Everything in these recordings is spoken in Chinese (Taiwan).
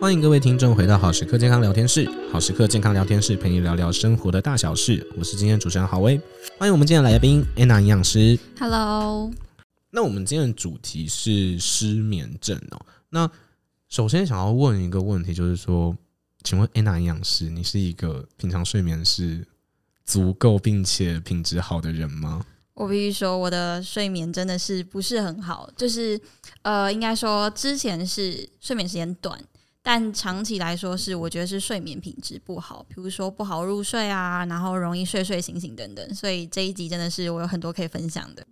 歡迎各位聽眾回到好時刻健康聊天室。好時刻健康聊天室陪你聊聊生活的大小事。我是今天的主持人郝威。歡迎我們今天的來賓 Anna 營養師。Hello。那我們今天的主題是失眠症哦。那首先想要問一個問題，就是說，請問 Anna 營養師，你是一個平常睡眠是足夠並且品質好的人嗎？我必須說，我的睡眠真的是不是很好。就是呃，應該說之前是睡眠時間短。但長期來說是，我覺得是睡眠品質不好，比如說不好入睡啊，然後容易睡睡醒醒等等，所以這一集真的是我有很多可以分享的。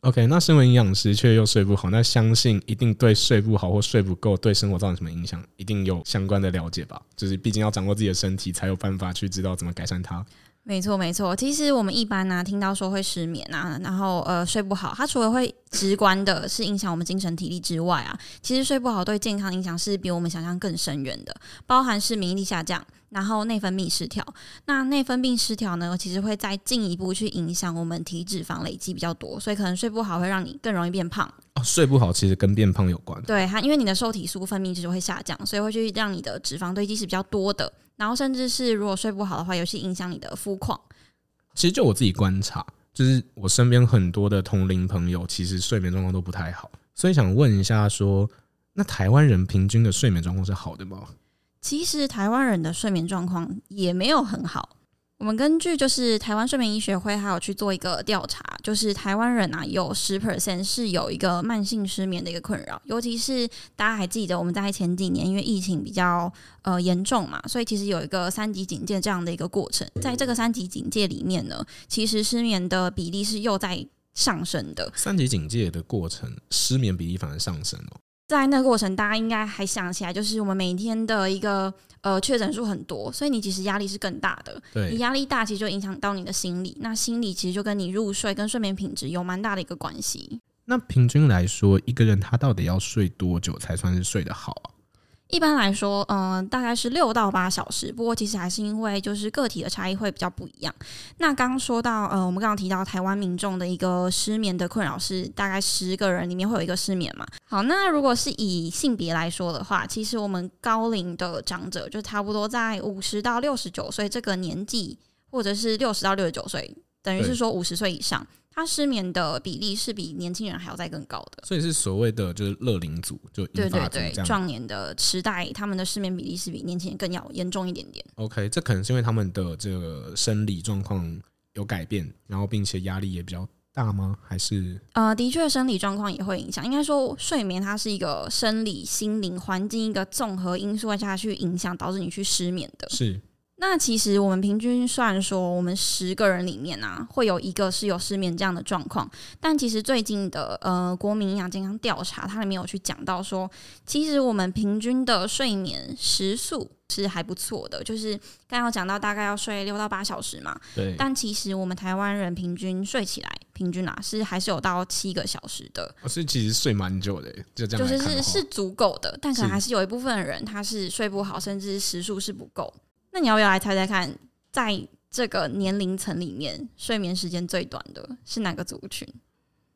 OK，那身為營養師卻又睡不好，那相信一定對睡不好或睡不夠對生活造成什麼影響，一定有相關的了解吧？就是畢竟要掌握自己的身體，才有辦法去知道怎麼改善它。沒錯，沒錯。其實我們一般呢、啊，聽到說會失眠啊，然後呃睡不好，它除了會直觀的是影響我們精神體力之外啊，其實睡不好對健康影響是比我們想象更深遠的，包含是免疫力下降，然後內分泌失調。那內分泌失調呢，其實會再進一步去影響我們體脂肪累積比較多，所以可能睡不好會讓你更容易變胖。哦，睡不好其實跟變胖有關。對，它因為你的瘦體素分泌就會下降，所以會去讓你的脂肪堆積是比較多的。然後，甚至是如果睡不好的話，尤其影響你的膚況。其實就我自己觀察，就是我身邊很多的同齡朋友，其實睡眠狀況都不太好。所以想問一下說，那台灣人平均的睡眠狀況是好的嗎？其實台灣人的睡眠狀況也沒有很好。我們根據就是台灣睡眠醫學會，還有去做一個調查，就是台灣人啊有十 percent 是有一個慢性失眠的一個困擾，尤其是大家還記得我們在前幾年因為疫情比較呃嚴重嘛，所以其實有一個三級警戒這樣的一個過程，在這個三級警戒裡面呢，其實失眠的比例是又在上升的。三級警戒的過程，失眠比例反而上升哦。在那個過程，大家應該還想起來，就是我們每天的一個呃確診數很多，所以你其實壓力是更大的。對，你壓力大，其實就影響到你的心理，那心理其實就跟你入睡跟睡眠品質有蠻大的一個關係。那平均來說，一個人他到底要睡多久才算是睡得好啊？一般來說，嗯、呃，大概是六到八小時。不過其實還是因為就是個體的差異會比較不一樣。那剛說到，呃，我們剛剛提到台灣民眾的一個失眠的困擾是大概十個人裡面會有一個失眠嘛。好，那如果是以性別來說的話，其實我們高齡的長者就差不多在五十到六十九歲這個年紀，或者是六十到六十九歲，等於是說五十歲以上。他失眠的比例是比年輕人還要再更高的，所以是所謂的就是樂齡組就對對對，壯年的時代，他們的失眠比例是比年輕人更要嚴重一點點。OK，這可能是因為他們的這個生理狀況有改變，然後並且壓力也比較大嗎？還是？呃，的確生理狀況也會影響。應該說睡眠它是一個生理、心靈、環境一個綜合因素下去影響，導致你去失眠的。是。那其實我們平均算說，我們十個人裡面啊，會有一個是有失眠這樣的狀況。但其實最近的呃國民營養健康調查，它裡面有去講到說，其實我們平均的睡眠時數是還不錯的，就是剛剛有講到大概要睡六到八小時嘛。對。但其實我們台灣人平均睡起來，平均啊是還是有到七個小時的，哦，所以其實睡蠻久的，就這樣。就是是是足夠的，但可能還是有一部分人是他是睡不好，甚至時數是不夠。那你要不要來猜猜看，在這個年齡層裡面，睡眠時間最短的是哪個族群？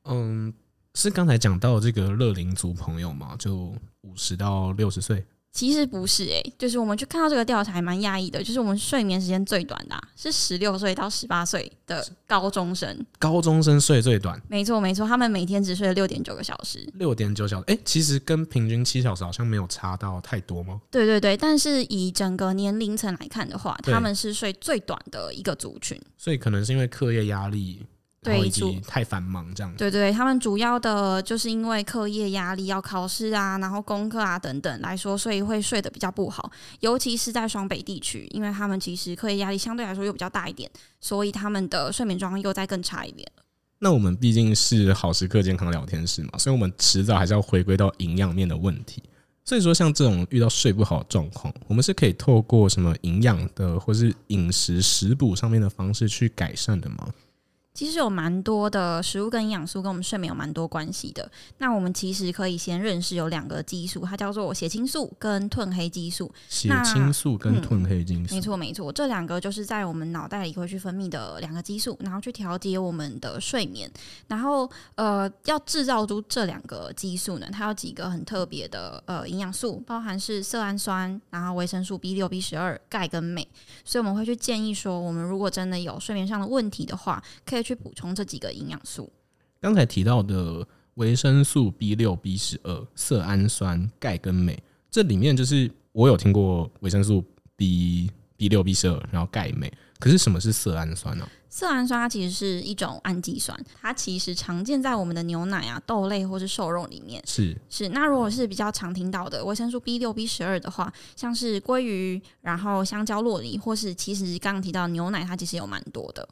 嗯，是剛才講到這個樂齡族朋友嘛，就五十到六十歲。其實不是誒、欸，就是我們去看到這個調查還蠻訝異的，就是我們睡眠時間最短的、啊，是十六歲到十八歲的高中生。高中生睡最短？沒錯，沒錯，他們每天只睡了六點九個小時。六點九小時？誒、欸，其實跟平均七小時好像沒有差到太多嗎？對對對，但是以整個年齡層來看的話，他們是睡最短的一個族群。所以可能是因為課業壓力、欸。對，以及太繁忙，這樣，對，對對，他們主要的就是因為課業壓力、要考試啊，然後功課啊等等來說，所以會睡得比較不好。尤其是在雙北地區，因為他們其實課業壓力相對來說又比較大一點，所以他們的睡眠狀況又再更差一點。那我們畢竟是好時刻、健康聊天室嘛，所以我們遲早還是要回歸到營養面的問題。所以說，像這種遇到睡不好的狀況，我們是可以透過什麼營養的或是飲食食補上面的方式去改善的嗎？其實有蠻多的食物跟營養素跟我們睡眠有蠻多關係的。那我們其實可以先認識有兩個激素，它叫做血清素跟褪黑激素。血清素跟褪黑激素，嗯、沒錯沒錯，這兩個就是在我們腦袋裡會去分泌的兩個激素然後去調節我們的睡眠。然後呃，要製造出這兩個激素呢，它有幾個很特別的呃營養素，包含是色胺酸，然後維生素 B 六、B 十二、鈣跟鎂。所以我們會去建議說，我們如果真的有睡眠上的問題的話，可以去補充這幾個營養素，剛才提到的維生素 B 六、B 十二、色氨酸、鈣跟鎂，這裡面就是我有聽過維生素 B B 六、B 十二，然後鈣、鎂。可是什麼是色氨酸呢、啊？色氨酸它其實是一種氨基酸，它其實常見在我們的牛奶啊、豆類或是瘦肉裡面。是是，那如果是比較常聽到的維生素 B 六、B 十二的話，像是鮭魚，然後香蕉、酪梨，或是其實剛剛提到牛奶，它其實有蠻多的。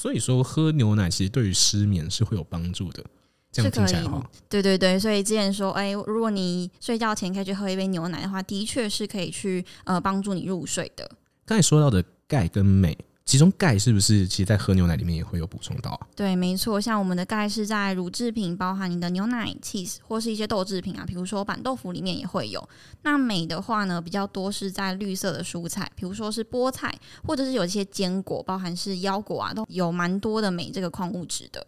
所以說，喝牛奶其實對於失眠是會有幫助的。這樣聽起來好，對對對，所以之前說，哎，如果你睡覺前可以去喝一杯牛奶的話，的確是可以去呃幫助你入睡的。剛才說到的鈣跟鎂。其中鈣是不是其實，在喝牛奶裡面也會有補充到啊？對，沒錯，像我們的鈣是在乳製品，包含你的牛奶、cheese 或是一些豆製品啊，比如說板豆腐裡面也會有。那鎂的話呢，比較多是在綠色的蔬菜，比如說是菠菜，或者是有一些堅果，包含是腰果啊，都有蠻多的鎂這個礦物質的。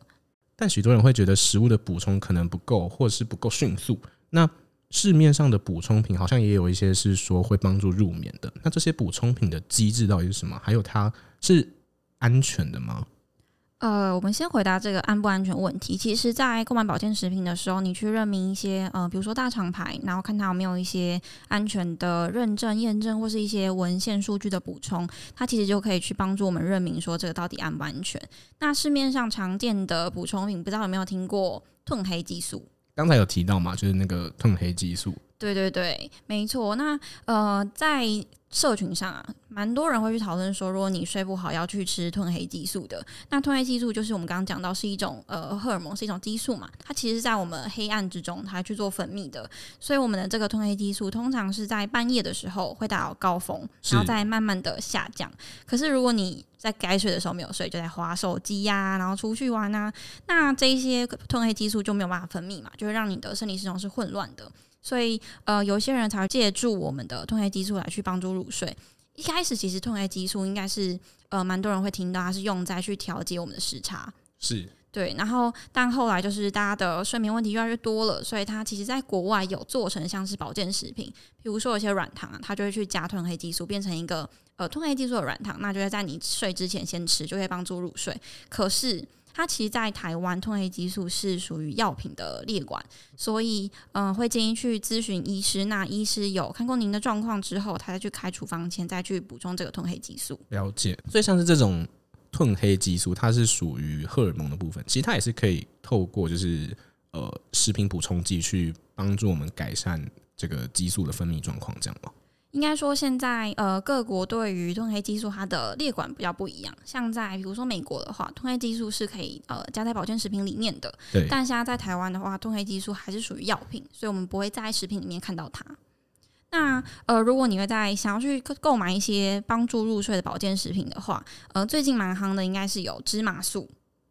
但許多人會覺得食物的補充可能不夠，或是不夠迅速。那市面上的補充品好像也有一些是說會幫助入眠的，那這些補充品的機制到底是什麼？還有它是安全的嗎？呃，我們先回答這個安不安全問題。其實，在購買保健食品的時候，你去認明一些，呃，比如說大廠牌，然後看它有沒有一些安全的認證、驗證或是一些文獻數據的補充，它其實就可以去幫助我們認明說這個到底安不安全。那市面上常見的補充品，不知道有沒有聽過褪黑激素？剛才有提到嘛，就是那個褪黑激素。對對對，沒錯。那呃，在社群上啊，蠻多人會去討論說，如果你睡不好，要去吃褪黑激素的。那褪黑激素就是我們剛剛講到是一種呃荷爾蒙，是一種激素嘛。它其實，在我們黑暗之中，它去做分泌的。所以，我們的這個褪黑激素通常是在半夜的時候會達到高峰，然後再慢慢的下降。是可是，如果你在該睡的時候沒有睡，就在滑手機呀、啊，然後出去玩啊，那這一些褪黑激素就沒有辦法分泌嘛，就會讓你的生理系統是混亂的。所以，呃，有些人才會借助我們的褪黑激素來去幫助入睡。一開始，其實褪黑激素應該是呃，蠻多人會聽到它是用在去調節我們的時差是，是對。然後，但後來就是大家的睡眠問題越來越多了，所以它其實在國外有做成像是保健食品，比如說有些軟糖啊，它就會去加褪黑激素，變成一個呃褪黑激素的軟糖，那就會在你睡之前先吃，就可以幫助入睡。可是。它其實，在台灣褪黑激素是屬於藥品的列管，所以，嗯、呃，會建議去諮詢醫師。那醫師有看過您的狀況之後，他再去開處方前再去補充這個褪黑激素。了解。所以，像是這種褪黑激素，它是屬於荷爾蒙的部分，其實它也是可以透過就是呃食品補充劑去幫助我們改善這個激素的分泌狀況，這樣嗎？應該說，現在呃，各國對於褪黑激素它的列管比較不一樣。像在比如說美國的話，褪黑激素是可以呃加在保健食品裡面的，但現在在台灣的話，褪黑激素還是屬於藥品，所以我們不會在食品裡面看到它。那呃，如果你會在想要去購買一些幫助入睡的保健食品的話，呃，最近蠻夯的應該是有芝麻素。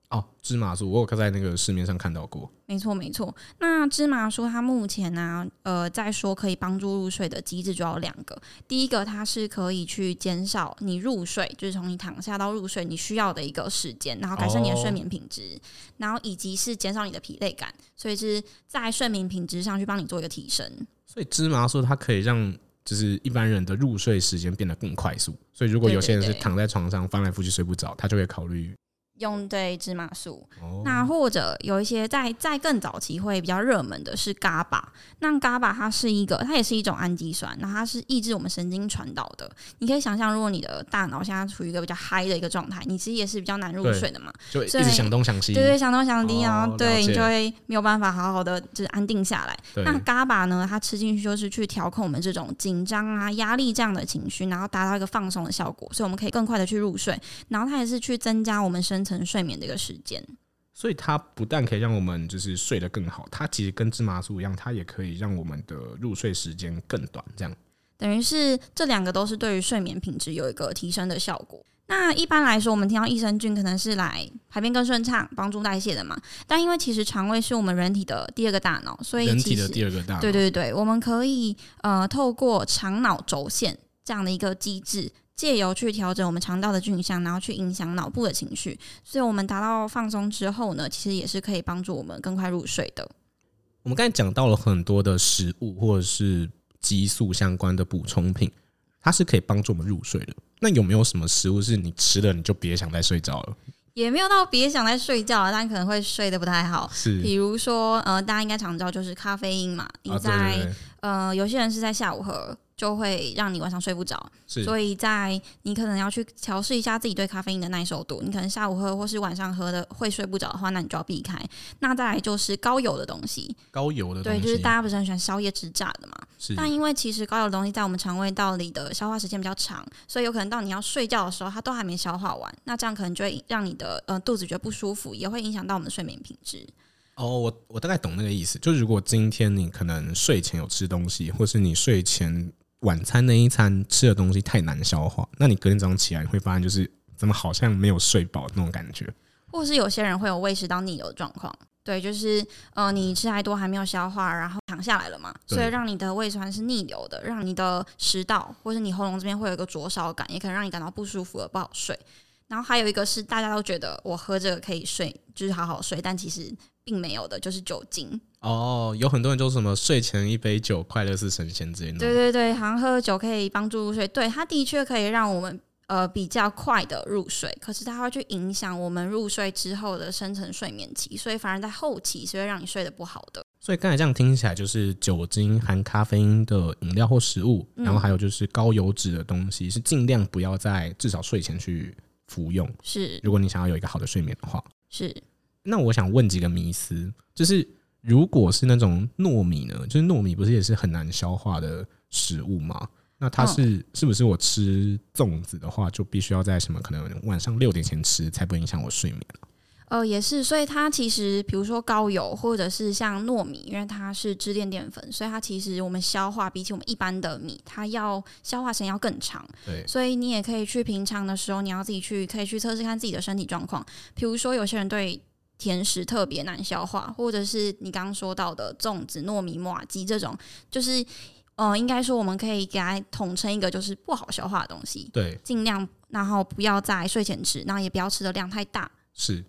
哦，芝麻素我有在那個市面上看到過，沒錯沒錯。那芝麻素它目前呢、啊，呃，在說可以幫助入睡的機制主要有兩個。第一個，它是可以去減少你入睡，就是從你躺下到入睡你需要的一個時間，然後改善你的睡眠品質，哦，然後以及是減少你的疲累感，所以是在睡眠品質上去幫你做一個提升。所以芝麻素它可以讓就是一般人的入睡時間變得更快速。所以如果有些人是躺在床上，對對對，翻來覆去睡不着，他就會考慮。用對芝麻素，哦，那或者有一些在在更早期會比較熱門的是 GABA 那 GABA 它是一個，它也是一種氨基酸，那它是抑制我們神經傳導的。你可以想象，如果你的大腦現在處於一個比較嗨的一個狀態，你其實也是比較難入睡的嘛，對，一直想東想西，對對，想東想西啊，哦，然後對你就會沒有辦法好好的就是安定下來。那 GABA 呢，它吃進去就是去調控我們這種緊張啊、壓力這樣的情緒，然後達到一個放鬆的效果，所以我們可以更快的去入睡，然後它也是去增加我們身。成睡眠的一個時間，所以它不但可以讓我們就是睡得更好，它其實跟芝麻素一樣，它也可以讓我們的入睡時間更短。這樣等於是這兩個都是對於睡眠品質有一個提升的效果。那一般來說，我們聽到益生菌可能是來排便更順暢、幫助代謝的嘛？但因為其實腸胃是我們人體的第二個大腦，所以人體的第二個大，對，對對對，我們可以呃透過腸腦軸線。這樣的一個機制，借由去調整我們腸道的菌相，然後去影響腦部的情緒，所以我們達到放鬆之後呢，其實也是可以幫助我們更快入睡的。我們剛才講到了很多的食物或者是激素相關的補充品，它是可以幫助我們入睡的。那有沒有什麼食物是你吃了你就別想再睡覺了？也沒有到別想再睡覺，但可能會睡得不太好。是，比如說，呃，大家應該常知道就是咖啡因嘛。你在，啊對對對，呃，有些人是在下午喝。就會讓你晚上睡不着，所以在你可能要去調適一下自己對咖啡因的耐受度。你可能下午喝或是晚上喝的會睡不着的話，那你就要避開。那再來就是高油的東西，高油的東西對，就是大家不是很喜歡宵夜吃炸的嘛。是，但因為其實高油的東西在我們腸胃道裡的消化時間比較長，所以有可能到你要睡覺的時候，它都還沒消化完。那這樣可能就會讓你的呃肚子覺得不舒服，也會影響到我們的睡眠品質。哦，我我大概懂那個意思。就是如果今天你可能睡前有吃東西，或是你睡前晚餐那一餐吃的東西太難消化，那你隔天早上起來你會發現，就是怎麼好像沒有睡飽那種感覺。或是有些人會有胃食道逆流的狀況，對，就是呃你吃太多還沒有消化，然後躺下來了嘛，所以讓你的胃酸是逆流的，讓你的食道或是你喉嚨這邊會有一個灼燒感，也可能讓你感到不舒服而不好睡。然後還有一個是大家都覺得我喝這個可以睡，就是好好睡，但其實並沒有的，就是酒精。哦，有很多人說是什麼睡前一杯酒，快樂似神仙之類的。對對對，好像喝酒可以幫助入睡，對，它的確可以讓我們呃比較快的入睡，可是它會去影響我們入睡之後的深層睡眠期，所以反而在後期是會讓你睡得不好的。所以剛才這樣聽起來，就是酒精、含咖啡因的飲料或食物，然後還有就是高油脂的東西，嗯、是儘量不要在至少睡前去服用。是，如果你想要有一個好的睡眠的話，是。那我想問幾個迷思，就是。如果是那種糯米呢，就是糯米不是也是很難消化的食物嗎？那它是是不是我吃粽子的話，就必須要在什麼可能晚上六點前吃，才不影響我睡眠？啊，呃，也是，所以它其實比如說高油或者是像糯米，因為它是支鏈澱粉，所以它其實我們消化比起我們一般的米，它要消化時間要更長。對，所以你也可以去平常的時候，你要自己去可以去測試看自己的身體狀況。比如說有些人對。甜食特別難消化，或者是你剛剛說到的粽子、糯米、麻糬這種，就是呃，應該說我們可以給它統稱一個，就是不好消化的東西。對，盡量然後不要在睡前吃，然後也不要吃的量太大。是。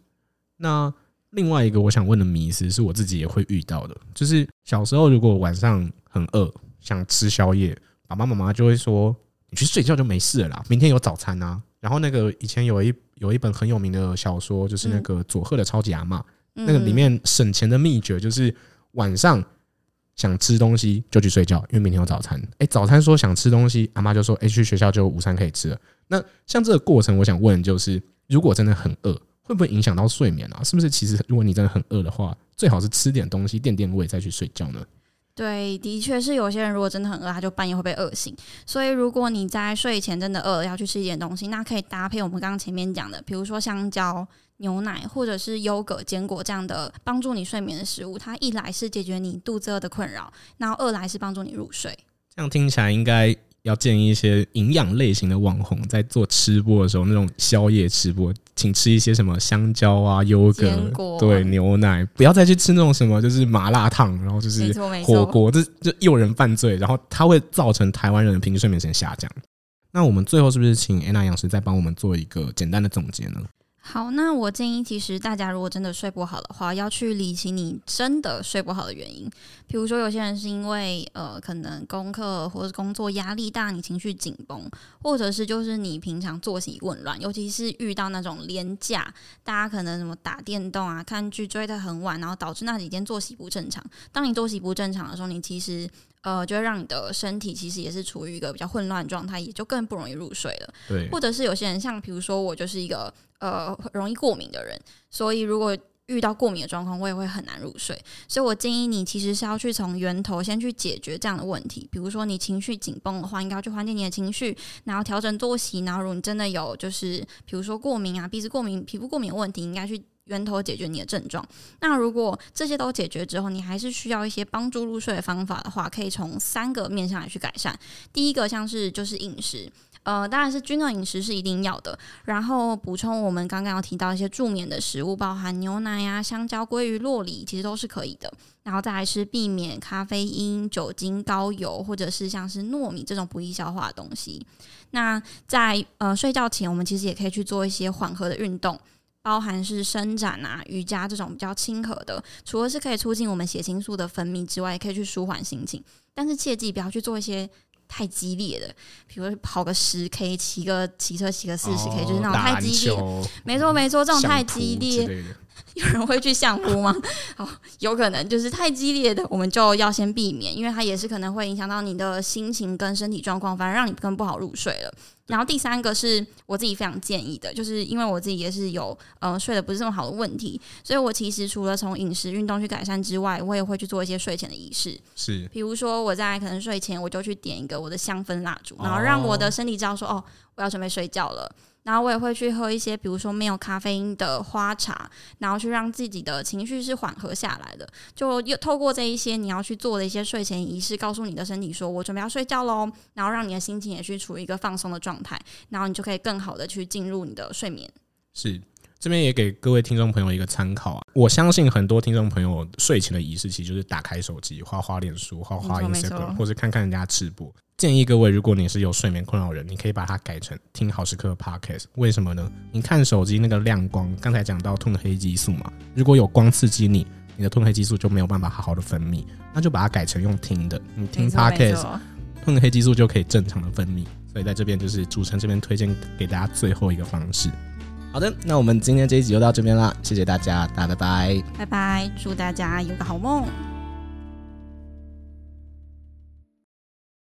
那另外一個我想問的迷思是我自己也會遇到的，就是小時候如果晚上很餓想吃宵夜，爸爸媽媽就會說：“你去睡覺就沒事了啦，明天有早餐啊。”然後那個以前有一有一本很有名的小說，就是那個佐賀的超級阿嬤，嗯嗯那個裡面省錢的秘訣就是晚上想吃東西就去睡覺，因為明天有早餐。哎、欸，早餐說想吃東西，阿嬤就說：哎、欸，去學校就午餐可以吃了。那像這個過程，我想問就是，如果真的很餓，會不會影響到睡眠啊？是不是其實如果你真的很餓的話，最好是吃點東西墊墊胃再去睡覺呢？對，的確是有些人如果真的很餓，他就半夜會被餓醒。所以如果你在睡前真的餓了，要去吃一點東西，那可以搭配我們剛剛前面講的，比如說香蕉、牛奶或者是優格、堅果這樣的幫助你睡眠的食物。它一來是解決你肚子餓的困擾，然後二來是幫助你入睡。這樣聽起來應該要建議一些營養類型的網紅在做吃播的時候，那種宵夜吃播。請吃一些什麼香蕉啊、優格，啊、對牛奶，不要再去吃那種什麼，就是麻辣燙，然後就是火鍋，這就誘人犯罪，然後它會造成台灣人的平均睡眠時間下降。那我們最後是不是請安娜營養師再幫我們做一個簡單的總結呢？好，那我建議，其實大家如果真的睡不好的話，要去理清你真的睡不好的原因。比如說，有些人是因為呃，可能功課或者工作壓力大，你情緒緊繃，或者是就是你平常作息紊亂，尤其是遇到那種連假，大家可能什麼打電動啊、看劇追得很晚，然後導致那幾天作息不正常。當你作息不正常的時候，你其實。呃，就會讓你的身體其實也是處於一個比較混亂狀態，也就更不容易入睡了。對，或者是有些人像，比如說我就是一個呃容易過敏的人，所以如果遇到過敏的狀況，我也會很難入睡。所以我建議你其實是要去從源頭先去解決這樣的問題，比如說你情緒緊繃的話，應該要去緩解你的情緒，然後調整作息，然後如果你真的有就是，比如說過敏啊，鼻子過敏、皮膚過敏的問題，應該去。源頭解決你的症狀。那如果這些都解決之後，你還是需要一些幫助入睡的方法的話，可以從三個面向來去改善。第一個像是就是飲食，呃，當然是均衡飲食是一定要的。然後補充我們剛剛有提到一些助眠的食物，包含牛奶呀、啊、香蕉、鮭魚、酪梨，其實都是可以的。然後再來是避免咖啡因、酒精、高油或者是像是糯米這種不易消化的東西。那在呃睡覺前，我們其實也可以去做一些緩和的運動。包含是伸展啊、瑜伽這種比較親和的，除了是可以促進我們血清素的分泌之外，也可以去舒緩心情。但是切記不要去做一些太激烈的，比如跑個十 K、騎個騎車騎個四十 K，就是那種太激烈。沒錯沒錯，這種太激烈。 有人會去相撲嗎？好，有可能就是太激烈的，我們就要先避免，因為它也是可能會影響到你的心情跟身體狀況，反而讓你更不好入睡了。然後第三個是我自己非常建議的，就是因為我自己也是有呃睡得不是這麼好的問題，所以我其實除了從飲食、運動去改善之外，我也會去做一些睡前的儀式，是，比如說我在可能睡前我就去點一個我的香氛蠟燭，然後讓我的身體知道說哦,哦，我要準備睡覺了。然後我也會去喝一些，比如說沒有咖啡因的花茶，然後去讓自己的情緒是緩和下來的。就又透過這一些你要去做的一些睡前儀式，告訴你的身體說：“我準備要睡覺嘍。”然後讓你的心情也去處於一個放鬆的狀態，然後你就可以更好的去進入你的睡眠。是這邊也給各位聽眾朋友一個參考啊！我相信很多聽眾朋友睡前的儀式其實就是打開手機，滑滑臉書，滑滑 Instagram，或者看看人家直播。建議各位，如果你是有睡眠困擾人，你可以把它改成聽好時刻的 Podcast。為什麼呢？你看手機那個亮光，剛才講到褪黑激素嘛，如果有光刺激你，你的褪黑激素就沒有辦法好好的分泌，那就把它改成用聽的，你聽 Podcast，褪黑激素就可以正常的分泌。所以在這邊就是主持人這邊推薦給大家最後一個方式。好的，那我們今天這一集就到這邊啦，謝謝大家，大家拜拜，拜拜，祝大家有個好夢。